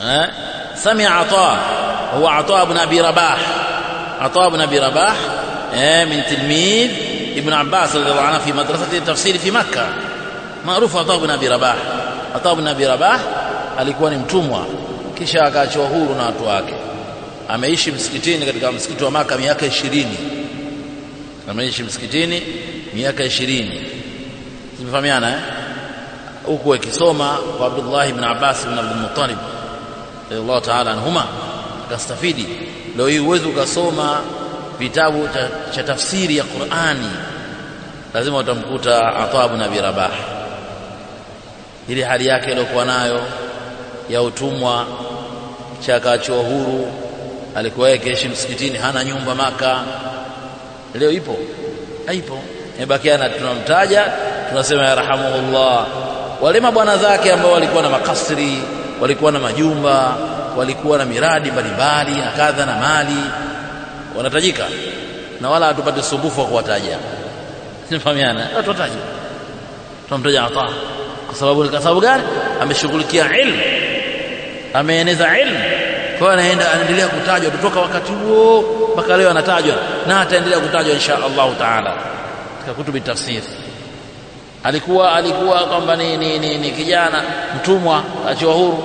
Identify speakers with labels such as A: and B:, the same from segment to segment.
A: أه؟ سمع عطاء هو عطاء بن أبي رباح عطاء بن أبي رباح أه؟ من تلميذ ابن عباس رضي الله عنه في مدرسة التفسير في مكة maarufu Ataa bin Abi Rabah. Ataa bin Abi Rabah alikuwa ni mtumwa, kisha akaachwa huru na watu wake. Ameishi msikitini katika msikiti wa Maka miaka ishirini. Ameishi msikitini miaka ishirini. Tumefahamiana eh? Huku akisoma kwa Abdullah ibn Abbas ibn Abdul Muttalib radhiallahu taala anhuma akastafidi. Leo hii huwezi ukasoma vitabu cha, cha tafsiri ya Qurani, lazima utamkuta Ata ibn Abi Rabah, ili hali yake aliyokuwa nayo ya utumwa cha kaachiwa huru, alikuwa yeye kiishi msikitini, hana nyumba Maka. Leo ipo haipo, imebakiana tunamtaja tunasema yarhamuhullah, wale mabwana zake ambao walikuwa na makasri walikuwa na majumba, walikuwa na miradi mbalimbali na kadha na mali, wanatajika na wala hatupate usumbufu wa kuwataja. Sinafahamiana, tutataja tunamtaja Ata kwa sababu, kwa sababu gani? Ameshughulikia ilmu, ameeneza ilmu, kwa hiyo anaenda, anaendelea kutajwa kutoka wakati huo mpaka leo anatajwa na ataendelea kutajwa insha Allahu taala katika kutubi tafsiri alikuwa alikuwa kwamba ni, ni, ni, ni kijana mtumwa achiwa huru.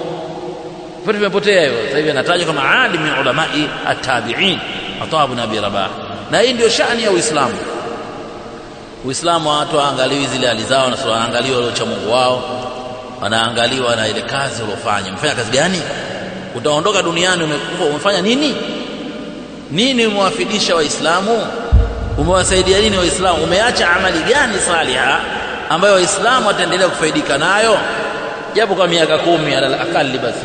A: Vitu vimepotea hivyo, sasa hivi anatajwa kama alim min ulamai atabiin, Ataa bin Abi Rabah. Na hii ndio shani ya Uislamu. Uislamu watu waangaliwi zile hali zao, wanaangaliwa walio cha Mungu wao, wanaangaliwa na ile kazi uliofanya. Umefanya kazi gani? Utaondoka duniani umekufa, umefanya nini? Nini umewafidisha Waislamu? Umewasaidia nini Waislamu? Umeacha amali gani saliha ambayo Waislamu wataendelea kufaidika nayo japo kwa miaka kumi alal akali. Basi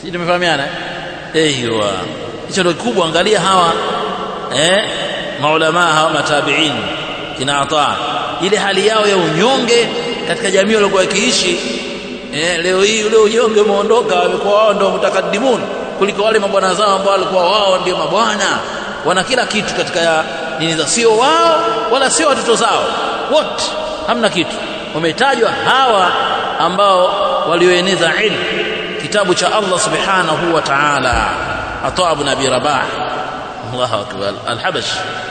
A: sisi tumefahamiana, eiwa, hicho ndio kikubwa. Angalia hawa eh, maulamaa hawa matabiin kina Ataa, ile hali yao ya unyonge katika jamii waliokuwa wakiishi eh, leo hii ule unyonge umeondoka, wamekuwa wao ndio mutakaddimun kuliko wale mabwana zao ambao walikuwa wao ndio mabwana, wana kila kitu katika nini za sio wao wala sio watoto zao wote hamna kitu wametajwa hawa ambao walioeneza ilmu kitabu cha Allah subhanahu wa ta'ala Ataa ibn Abi Rabah Allahu akbar al-Habash